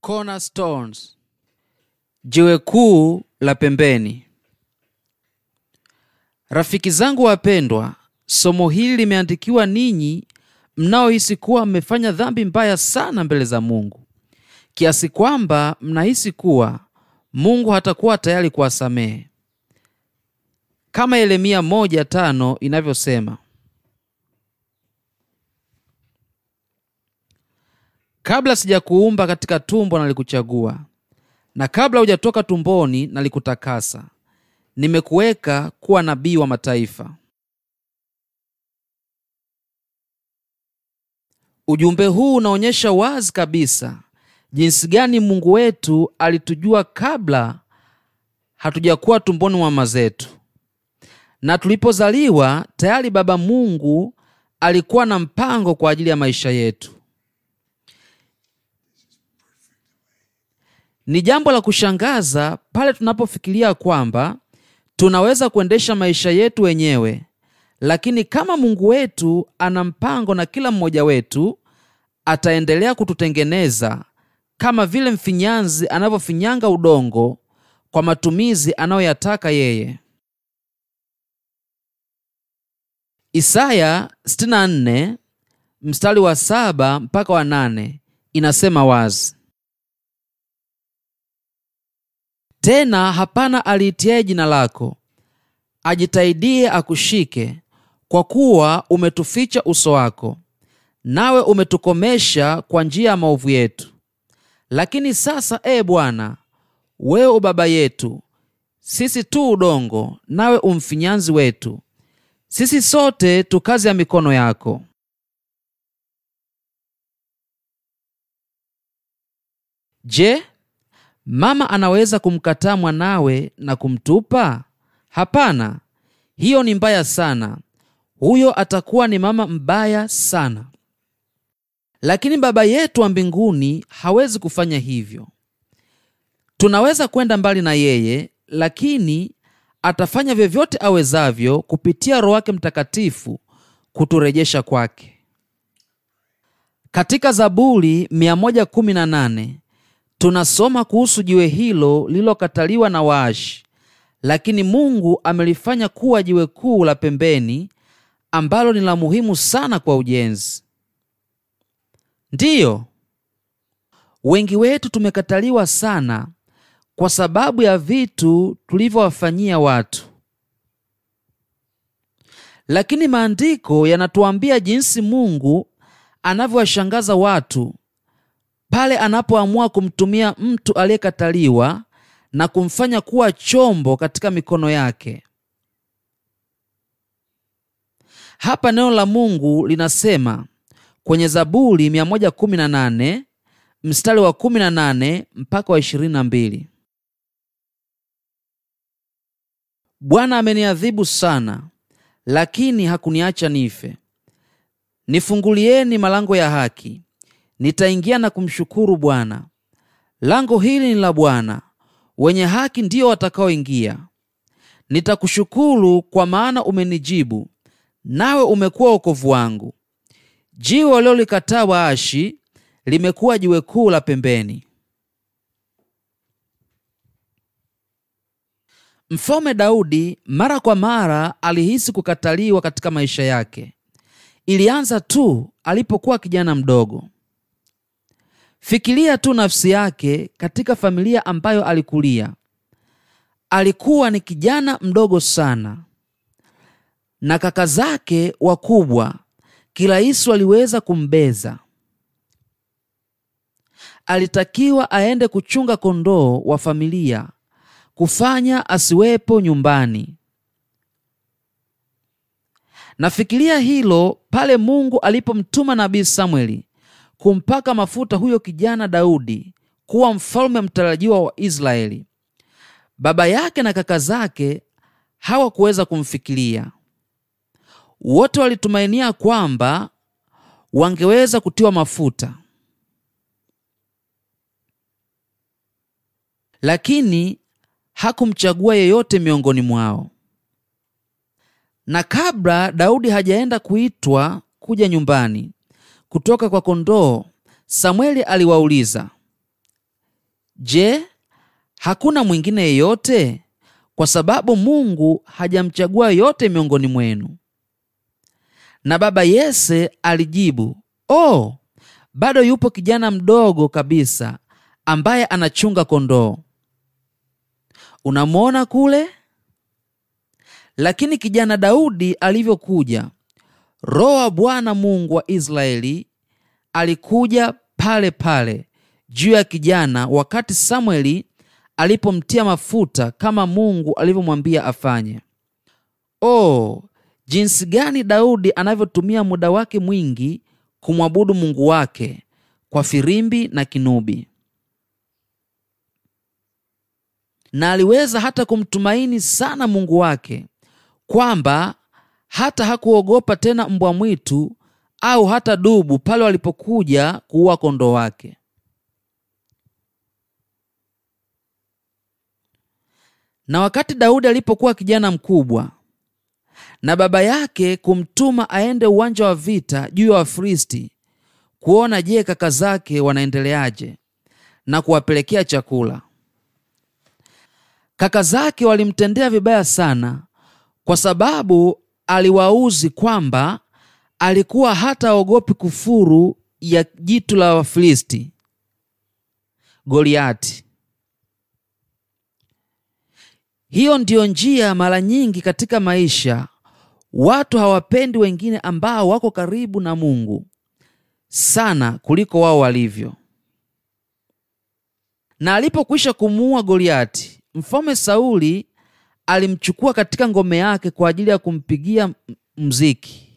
cornerstones jiwe kuu la pembeni. Rafiki zangu wapendwa, somo hili limeandikiwa ninyi mnaohisi kuwa mmefanya dhambi mbaya sana mbele za Mungu kiasi kwamba mnahisi kuwa Mungu hatakuwa tayari kuwasamehe, kama Yeremia 15 inavyosema kabla sijakuumba katika tumbo nalikuchagua, na kabla hujatoka tumboni nalikutakasa. Nimekuweka kuwa nabii wa mataifa. Ujumbe huu unaonyesha wazi kabisa jinsi gani Mungu wetu alitujua kabla hatujakuwa tumboni mwa mazetu na tulipozaliwa tayari Baba Mungu alikuwa na mpango kwa ajili ya maisha yetu. Ni jambo la kushangaza pale tunapofikiria kwamba tunaweza kuendesha maisha yetu wenyewe, lakini kama Mungu wetu ana mpango na kila mmoja wetu, ataendelea kututengeneza kama vile mfinyanzi anavyofinyanga udongo kwa matumizi anayoyataka yeye. Isaya 64 mstari wa saba mpaka wa nane inasema wazi Tena hapana aliitiaye jina lako ajitaidiye akushike, kwa kuwa umetuficha uso wako, nawe umetukomesha kwa njia ya maovu yetu. Lakini sasa, ee Bwana, wewe u baba yetu, sisi tu udongo, nawe umfinyanzi wetu, sisi sote tu kazi ya mikono yako. Je, Mama anaweza kumkataa mwanawe na kumtupa? Hapana, hiyo ni mbaya sana. Huyo atakuwa ni mama mbaya sana. Lakini Baba yetu wa mbinguni hawezi kufanya hivyo. Tunaweza kwenda mbali na yeye, lakini atafanya vyovyote awezavyo kupitia Roho wake Mtakatifu kuturejesha kwake. Katika Zaburi 118 Tunasoma kuhusu jiwe hilo lililokataliwa na waashi, lakini Mungu amelifanya kuwa jiwe kuu la pembeni ambalo ni la muhimu sana kwa ujenzi. Ndiyo, wengi wetu tumekataliwa sana kwa sababu ya vitu tulivyowafanyia watu, lakini maandiko yanatuambia jinsi Mungu anavyowashangaza watu pale anapoamua kumtumia mtu aliyekataliwa na kumfanya kuwa chombo katika mikono yake. Hapa neno la Mungu linasema kwenye Zaburi 118 mstari wa 18 mpaka wa 22, Bwana ameniadhibu sana, lakini hakuniacha nife. Nifungulieni malango ya haki, nitaingia na kumshukuru Bwana. Lango hili ni la Bwana, wenye haki ndiyo watakaoingia. Nitakushukuru kwa maana umenijibu, nawe umekuwa wokovu wangu. Jiwe waliolikataa waashi limekuwa jiwe kuu la pembeni. Mfalme Daudi mara kwa mara alihisi kukataliwa katika maisha yake. Ilianza tu alipokuwa kijana mdogo. Fikiria tu nafsi yake katika familia ambayo alikulia. Alikuwa ni kijana mdogo sana, na kaka zake wakubwa kirahisi waliweza kumbeza. Alitakiwa aende kuchunga kondoo wa familia, kufanya asiwepo nyumbani. Nafikiria hilo pale Mungu alipomtuma nabii Samweli kumpaka mafuta huyo kijana Daudi kuwa mfalme mtarajiwa wa Israeli. Baba yake na kaka zake hawakuweza kumfikiria. Wote walitumainia kwamba wangeweza kutiwa mafuta, lakini hakumchagua yeyote miongoni mwao. Na kabla Daudi hajaenda kuitwa kuja nyumbani, kutoka kwa kondoo, Samweli aliwauliza, Je, hakuna mwingine yeyote? Kwa sababu Mungu hajamchagua yote miongoni mwenu. Na baba Yese alijibu, oh, bado yupo kijana mdogo kabisa ambaye anachunga kondoo. Unamwona kule? Lakini kijana Daudi alivyokuja Roho wa Bwana Mungu wa Israeli alikuja pale pale juu ya kijana wakati Samueli alipomtia mafuta kama Mungu alivyomwambia afanye. Oh, jinsi gani Daudi anavyotumia muda wake mwingi kumwabudu Mungu wake kwa firimbi na kinubi, na aliweza hata kumtumaini sana Mungu wake kwamba hata hakuogopa tena mbwa mwitu au hata dubu pale walipokuja kuua kondoo wake. Na wakati Daudi alipokuwa kijana mkubwa na baba yake kumtuma aende uwanja wa vita juu ya Wafilisti kuona je, kaka zake wanaendeleaje na kuwapelekea chakula. Kaka zake walimtendea vibaya sana, kwa sababu aliwauzi kwamba alikuwa hata ogopi kufuru ya jitu la Wafilisti Goliati. Hiyo ndiyo njia. Mara nyingi katika maisha watu hawapendi wengine ambao wako karibu na Mungu sana kuliko wao walivyo. Na alipokwisha kumuua Goliati, mfalme Sauli alimchukua katika ngome yake kwa ajili ya kumpigia mziki.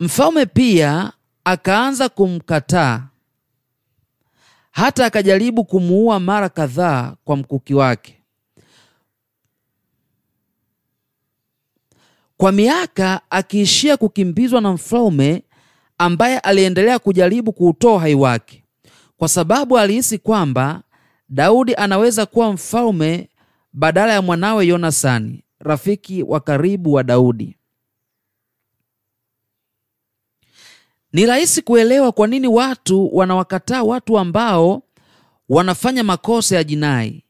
Mfalme pia akaanza kumkataa, hata akajaribu kumuua mara kadhaa kwa mkuki wake. Kwa miaka akiishia kukimbizwa na mfalme ambaye aliendelea kujaribu kuutoa uhai wake kwa sababu alihisi kwamba Daudi anaweza kuwa mfalme badala ya mwanawe Yonasani, rafiki wa karibu wa Daudi. Ni rahisi kuelewa kwa nini watu wanawakataa watu ambao wanafanya makosa ya jinai,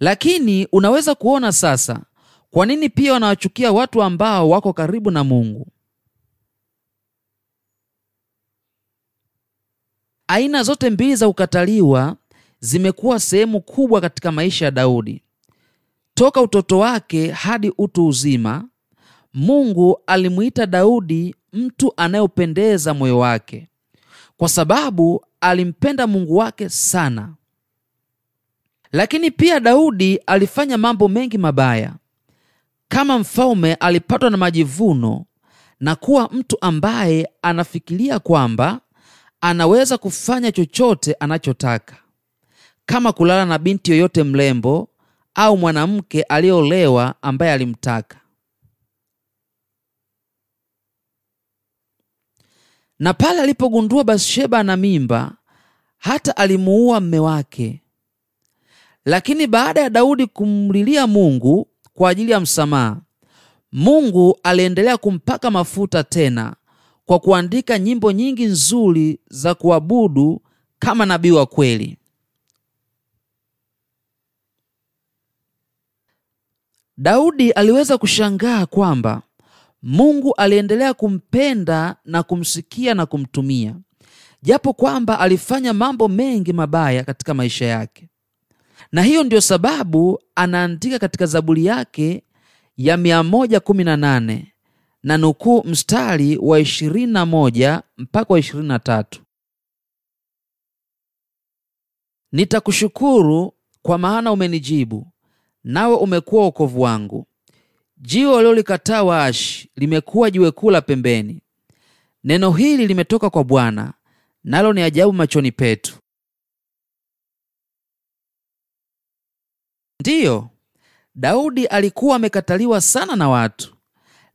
lakini unaweza kuona sasa kwa nini pia wanawachukia watu ambao wako karibu na Mungu. Aina zote mbili za kukataliwa zimekuwa sehemu kubwa katika maisha ya Daudi. Toka utoto wake hadi utu uzima, Mungu alimwita Daudi mtu anayependeza moyo wake, kwa sababu alimpenda Mungu wake sana. Lakini pia Daudi alifanya mambo mengi mabaya. Kama mfalume alipatwa na majivuno na kuwa mtu ambaye anafikiria kwamba anaweza kufanya chochote anachotaka, kama kulala na binti yoyote mrembo au mwanamke aliyolewa ambaye alimtaka. Na pale alipogundua Bathsheba na mimba, hata alimuua mme wake. Lakini baada ya Daudi kumlilia Mungu kwa ajili ya msamaha, Mungu aliendelea kumpaka mafuta tena kwa kuandika nyimbo nyingi nzuri za kuabudu kama nabii wa kweli. Daudi aliweza kushangaa kwamba Mungu aliendelea kumpenda na kumsikia na kumtumia, japo kwamba alifanya mambo mengi mabaya katika maisha yake. Na hiyo ndiyo sababu anaandika katika Zaburi yake ya 118 na nukuu mstari wa ishirini moja mpaka wa ishirini Nitakushukuru kwa maana umenijibu, nawe umekuwa wokovu wangu. Jiwe waliolikataa waashi limekuwa jiwe kuu la pembeni. Neno hili limetoka kwa Bwana, nalo ni ajabu machoni petu. Ndiyo, Daudi alikuwa amekataliwa sana na watu,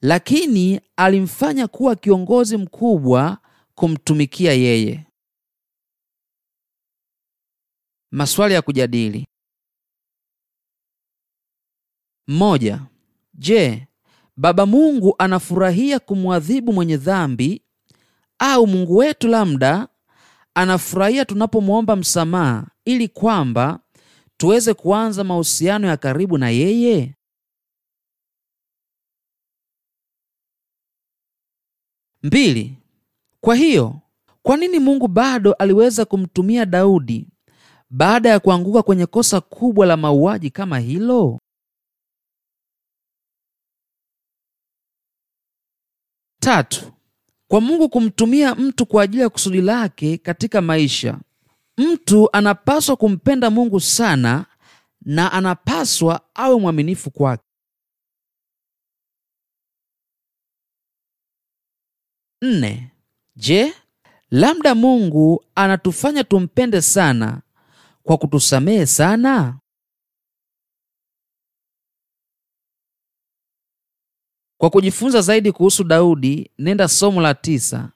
lakini alimfanya kuwa kiongozi mkubwa kumtumikia yeye. Maswali ya kujadili: moja. Je, Baba Mungu anafurahia kumwadhibu mwenye dhambi au Mungu wetu labda anafurahia tunapomwomba msamaha ili kwamba tuweze kuanza mahusiano ya karibu na yeye? mbili. Kwa hiyo kwa nini Mungu bado aliweza kumtumia Daudi baada ya kuanguka kwenye kosa kubwa la mauaji kama hilo? Tatu, kwa Mungu kumtumia mtu kwa ajili ya kusudi lake katika maisha, mtu anapaswa kumpenda Mungu sana na anapaswa awe mwaminifu kwake. Nne. Je, labda Mungu anatufanya tumpende sana kwa kutusamehe sana? Kwa kujifunza zaidi kuhusu Daudi, nenda somo la tisa,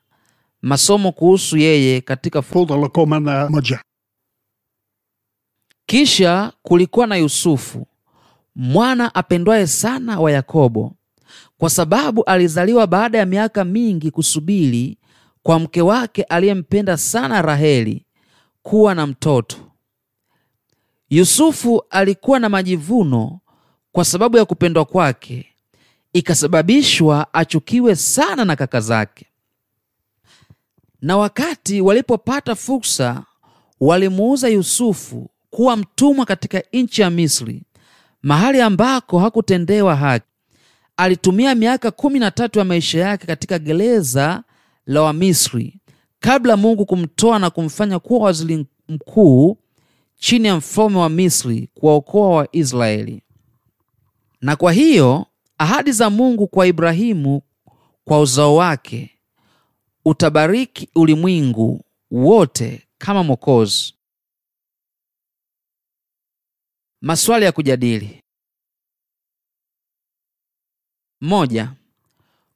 masomo kuhusu yeye katika uh, Kisha kulikuwa na Yusufu mwana apendwaye sana wa Yakobo kwa sababu alizaliwa baada ya miaka mingi kusubiri kwa mke wake aliyempenda sana Raheli kuwa na mtoto. Yusufu alikuwa na majivuno kwa sababu ya kupendwa kwake, ikasababishwa achukiwe sana na kaka zake. Na wakati walipopata fursa, walimuuza Yusufu kuwa mtumwa katika nchi ya Misri, mahali ambako hakutendewa haki alitumia miaka kumi na tatu ya maisha yake katika gereza la Wamisri kabla Mungu kumtoa na kumfanya kuwa waziri mkuu chini ya mfalme wa Misri kuwaokoa Waisraeli. Na kwa hiyo ahadi za Mungu kwa Ibrahimu kwa uzao wake, utabariki ulimwengu wote kama Mwokozi. Maswali ya kujadili: moja,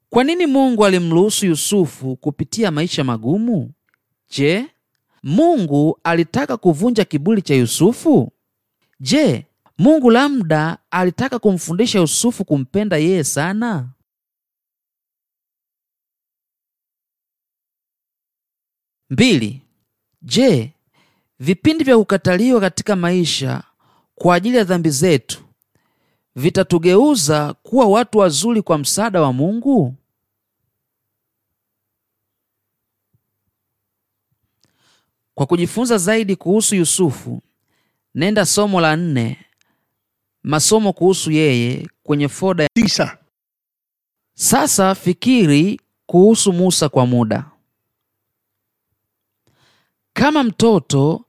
kwa nini Mungu alimruhusu Yusufu kupitia maisha magumu? Je, Mungu alitaka kuvunja kiburi cha Yusufu? Je, Mungu labda alitaka kumfundisha Yusufu kumpenda yeye sana? Mbili, je, vipindi vya kukataliwa katika maisha kwa ajili ya dhambi zetu vitatugeuza kuwa watu wazuri kwa msaada wa Mungu? Kwa kujifunza zaidi kuhusu Yusufu, nenda somo la nne, masomo kuhusu yeye kwenye foda ya tisa. Sasa fikiri kuhusu Musa kwa muda. Kama mtoto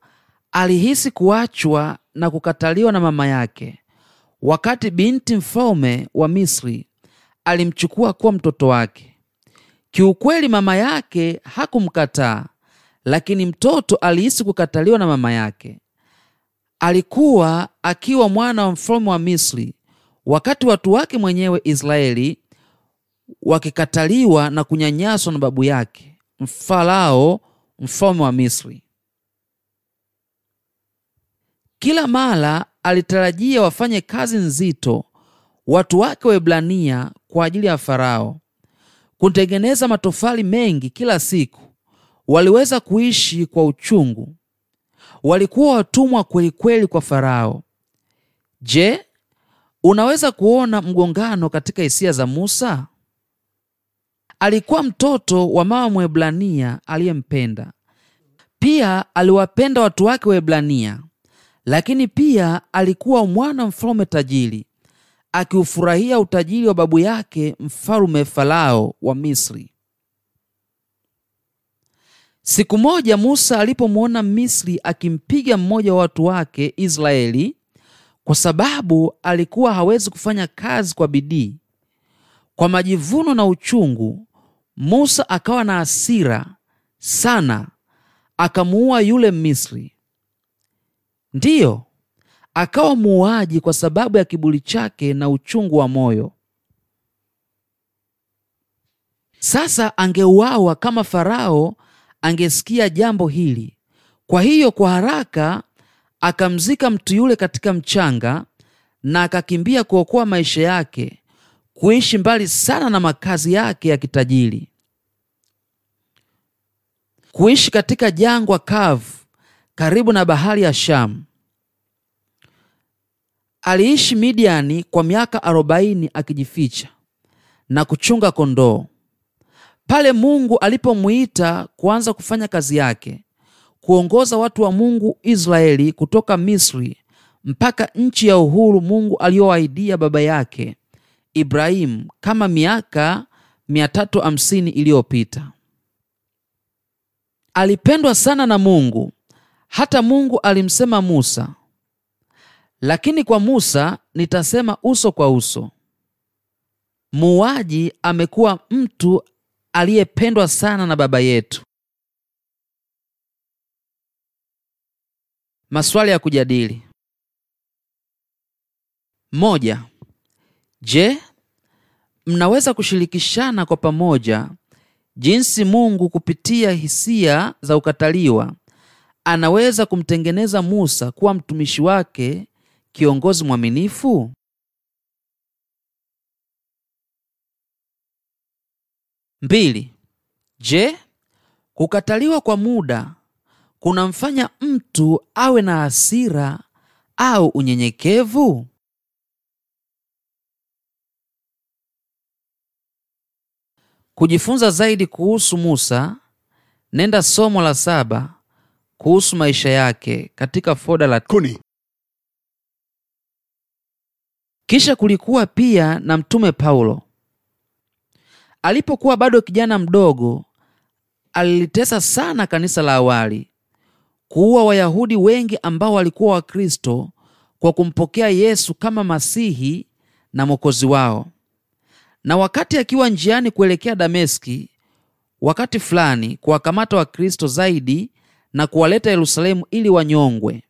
alihisi kuachwa na kukataliwa na mama yake, Wakati binti mfalme wa Misri alimchukua kuwa mtoto wake, kiukweli mama yake hakumkataa, lakini mtoto alihisi kukataliwa na mama yake. Alikuwa akiwa mwana wa mfalme wa Misri, wakati watu wake mwenyewe Israeli wakikataliwa na kunyanyaswa na babu yake mfalao mfalme wa Misri. Kila mala alitarajia wafanye kazi nzito watu wake Waebrania kwa ajili ya Farao, kutengeneza matofali mengi kila siku. Waliweza kuishi kwa uchungu, walikuwa watumwa kweli kweli kwa Farao. Je, unaweza kuona mgongano katika hisia za Musa? Alikuwa mtoto wa mama Mwebrania aliyempenda, pia aliwapenda watu wake Waebrania lakini pia alikuwa mwana mfalume tajiri, akiufurahia utajiri wa babu yake mfalume Farao wa Misri. Siku moja Musa alipomwona Misri akimpiga mmoja wa watu wake Israeli, kwa sababu alikuwa hawezi kufanya kazi kwa bidii, kwa majivuno na uchungu, Musa akawa na asira sana, akamuua yule Misri. Ndiyo, akawa muuaji kwa sababu ya kibuli chake na uchungu wa moyo. Sasa angeuawa kama Farao angesikia jambo hili. Kwa hiyo kwa haraka akamzika mtu yule katika mchanga na akakimbia kuokoa maisha yake, kuishi mbali sana na makazi yake ya kitajiri, kuishi katika jangwa kavu karibu na bahari ya Shamu. Aliishi Midiani kwa miaka arobaini akijificha na kuchunga kondoo. Pale Mungu alipomuita kuanza kufanya kazi yake, kuongoza watu wa Mungu Israeli kutoka Misri mpaka nchi ya uhuru Mungu aliyoahidia baba yake Ibrahimu kama miaka 350 iliyopita. Alipendwa sana na Mungu hata Mungu alimsema Musa, lakini kwa Musa nitasema uso kwa uso. Muuaji amekuwa mtu aliyependwa sana na baba yetu. Maswali ya kujadili: moja. Je, mnaweza kushirikishana kwa pamoja jinsi Mungu kupitia hisia za ukataliwa anaweza kumtengeneza Musa kuwa mtumishi wake, kiongozi mwaminifu? Mbili. Je, kukataliwa kwa muda kunamfanya mtu awe na hasira au unyenyekevu? Kujifunza zaidi kuhusu Musa, nenda somo la saba kuhusu maisha yake katika foda la kuni. Kisha kulikuwa pia na mtume Paulo. Alipokuwa bado kijana mdogo, alilitesa sana kanisa la awali, kuua Wayahudi wengi ambao walikuwa Wakristo kwa kumpokea Yesu kama Masihi na Mwokozi wao. Na wakati akiwa njiani kuelekea Dameski, wakati fulani kuwakamata Wakristo zaidi na kuwaleta Yerusalemu ili wanyongwe.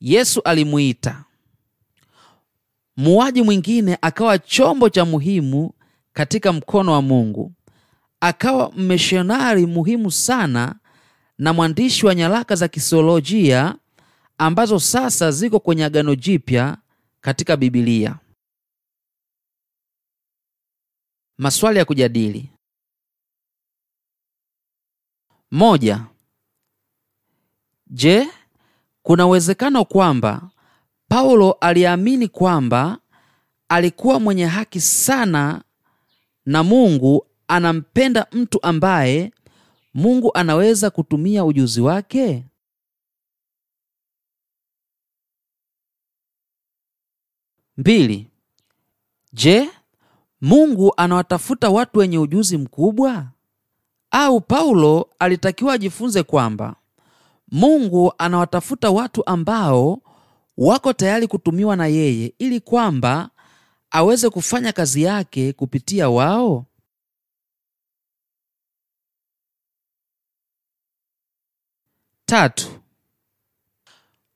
Yesu alimuita muwaji mwingine, akawa chombo cha muhimu katika mkono wa Mungu, akawa mmishonari muhimu sana na mwandishi wa nyaraka za kisiolojia ambazo sasa ziko kwenye Agano Jipya katika Bibilia. Maswali ya kujadili: moja. Je, kuna uwezekano kwamba Paulo aliamini kwamba alikuwa mwenye haki sana na Mungu anampenda mtu ambaye Mungu anaweza kutumia ujuzi wake? Mbili. Je, Mungu anawatafuta watu wenye ujuzi mkubwa? Au Paulo alitakiwa ajifunze kwamba Mungu anawatafuta watu ambao wako tayari kutumiwa na yeye ili kwamba aweze kufanya kazi yake kupitia wao. Tatu,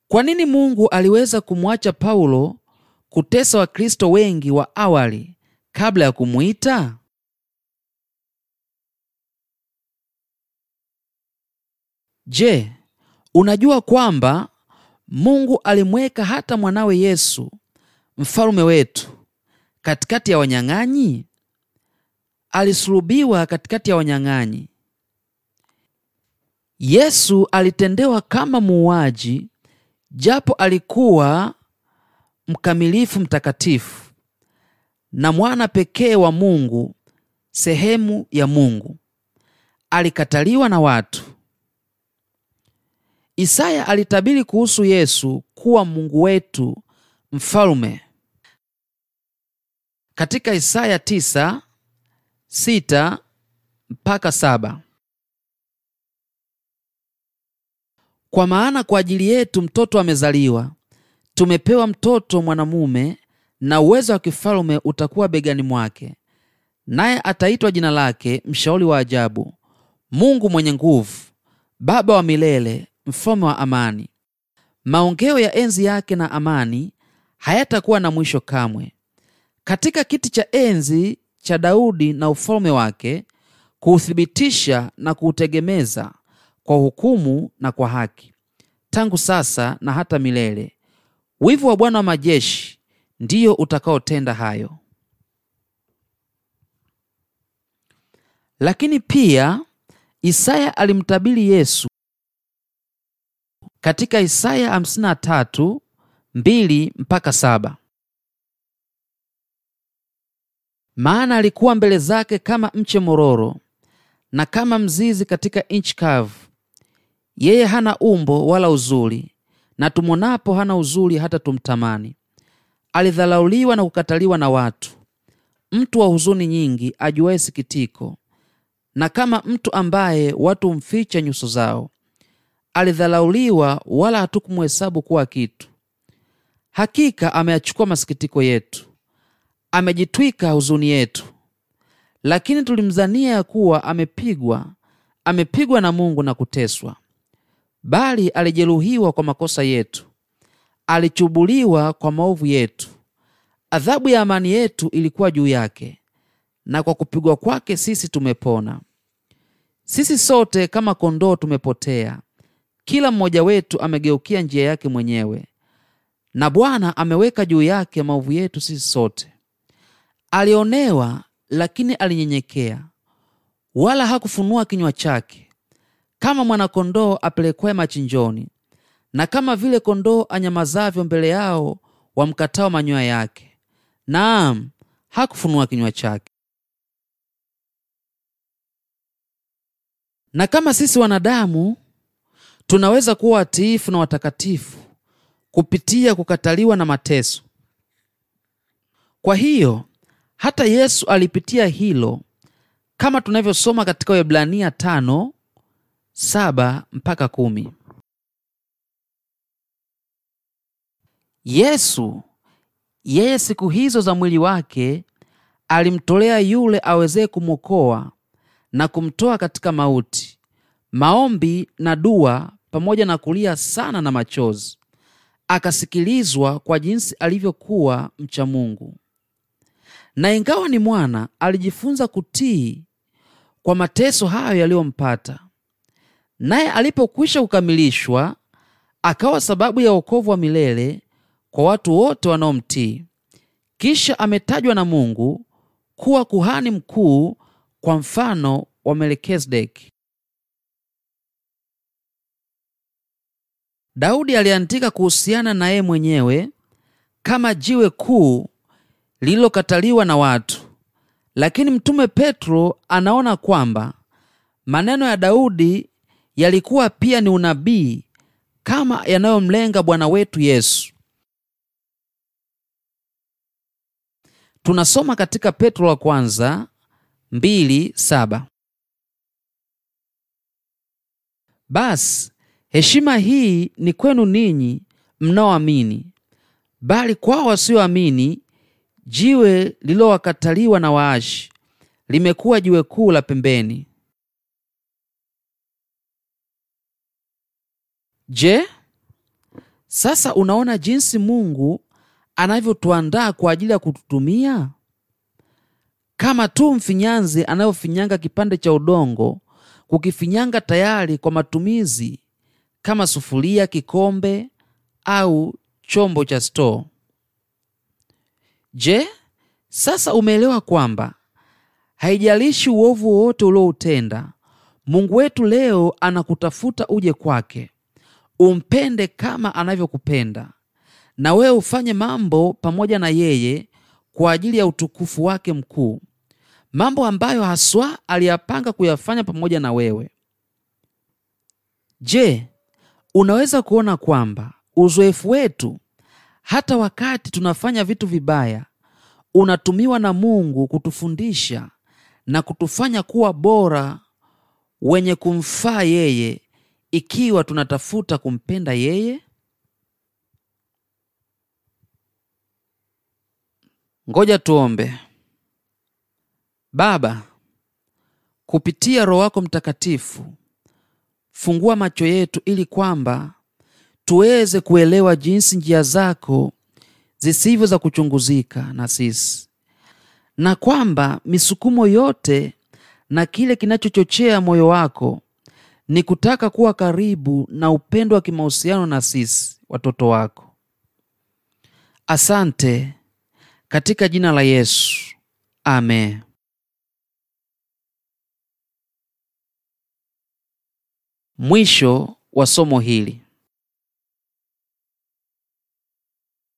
kwa nini Mungu aliweza kumwacha Paulo kutesa Wakristo wengi wa awali kabla ya kumwita Je, Unajua kwamba Mungu alimweka hata mwanawe Yesu mfalume wetu katikati ya wanyang'anyi? Alisulubiwa katikati ya wanyang'anyi. Yesu alitendewa kama muuaji, japo alikuwa mkamilifu, mtakatifu na mwana pekee wa Mungu, sehemu ya Mungu. Alikataliwa na watu, Isaya alitabiri kuhusu Yesu kuwa Mungu wetu mfalume katika Isaya 9 mpaka 7 kwa maana kwa ajili yetu mtoto amezaliwa, tumepewa mtoto mwanamume, na uwezo wa kifalume utakuwa begani mwake, naye ataitwa jina lake Mshauri wa Ajabu, Mungu Mwenye Nguvu, Baba wa Milele, mfalme wa amani. Maongeo ya enzi yake na amani hayatakuwa na mwisho kamwe. Katika kiti cha enzi cha Daudi na ufalme wake, kuuthibitisha na kuutegemeza kwa hukumu na kwa haki, tangu sasa na hata milele. Wivu wa Bwana wa majeshi ndiyo utakaotenda hayo. Lakini pia Isaya alimtabili Yesu katika Isaya 53 mpaka 7, maana alikuwa mbele zake kama mche mororo na kama mzizi katika nchi kavu. Yeye hana umbo wala uzuri, na tumonapo hana uzuri hata tumtamani. Alidhalauliwa na kukataliwa na watu, mtu wa huzuni nyingi, ajuaye sikitiko, na kama mtu ambaye watu mficha nyuso zao alidhalauliwa, wala hatukumuhesabu kuwa kitu. Hakika ameyachukua masikitiko yetu, amejitwika huzuni yetu. Lakini tulimzania ya kuwa amepigwa, amepigwa na Mungu na kuteswa. Bali alijeruhiwa kwa makosa yetu, alichubuliwa kwa maovu yetu. Adhabu ya amani yetu ilikuwa juu yake, na kwa kupigwa kwake sisi tumepona. Sisi sote kama kondoo tumepotea, kila mmoja wetu amegeukia njia yake mwenyewe, na Bwana ameweka juu yake maovu yetu sisi sote. Alionewa, lakini alinyenyekea, wala hakufunua kinywa chake. Kama mwanakondoo apelekwaye machinjoni, na kama vile kondoo anyamazavyo mbele yao wamkatao manyoya yake, naam, hakufunua kinywa chake. Na kama sisi wanadamu Tunaweza kuwa watiifu na watakatifu kupitia kukataliwa na mateso. Kwa hiyo hata Yesu alipitia hilo kama tunavyosoma katika webrania tano saba mpaka kumi. Yesu yeye siku hizo za mwili wake alimtolea yule awezeye kumwokoa na kumtoa katika mauti, maombi na dua pamoja na kulia sana na machozi, akasikilizwa kwa jinsi alivyokuwa mcha Mungu. Na ingawa ni mwana, alijifunza kutii kwa mateso hayo yaliyompata. Naye alipokwisha kukamilishwa, akawa sababu ya wokovu wa milele kwa watu wote wanaomtii. Kisha ametajwa na Mungu kuwa kuhani mkuu kwa mfano wa Melkizedeki. Daudi aliandika kuhusiana na yeye mwenyewe kama jiwe kuu lililokataliwa na watu, lakini mtume Petro anaona kwamba maneno ya Daudi yalikuwa pia ni unabii kama yanayomlenga Bwana wetu Yesu. Tunasoma katika Petro wa kwanza mbili saba basi Heshima hii ni kwenu ninyi mnaoamini, bali kwao wasioamini, jiwe lililowakataliwa na waashi limekuwa jiwe kuu la pembeni. Je, sasa unaona jinsi Mungu anavyotuandaa kwa ajili ya kututumia? Kama tu mfinyanzi anavyofinyanga kipande cha udongo, kukifinyanga tayari kwa matumizi kama sufuria, kikombe au chombo cha stoo. Je, sasa umeelewa kwamba haijalishi uovu wowote ulioutenda, Mungu wetu leo anakutafuta uje kwake, umpende kama anavyokupenda, na wewe ufanye mambo pamoja na yeye kwa ajili ya utukufu wake mkuu, mambo ambayo haswa aliyapanga kuyafanya pamoja na wewe. Je, Unaweza kuona kwamba uzoefu wetu hata wakati tunafanya vitu vibaya unatumiwa na Mungu kutufundisha na kutufanya kuwa bora wenye kumfaa yeye ikiwa tunatafuta kumpenda yeye. Ngoja tuombe. Baba, kupitia Roho wako Mtakatifu fungua macho yetu ili kwamba tuweze kuelewa jinsi njia zako zisivyo za kuchunguzika na sisi, na kwamba misukumo yote na kile kinachochochea moyo wako ni kutaka kuwa karibu na upendo wa kimahusiano na sisi watoto wako. Asante katika jina la Yesu. Amen. Mwisho wa somo hili.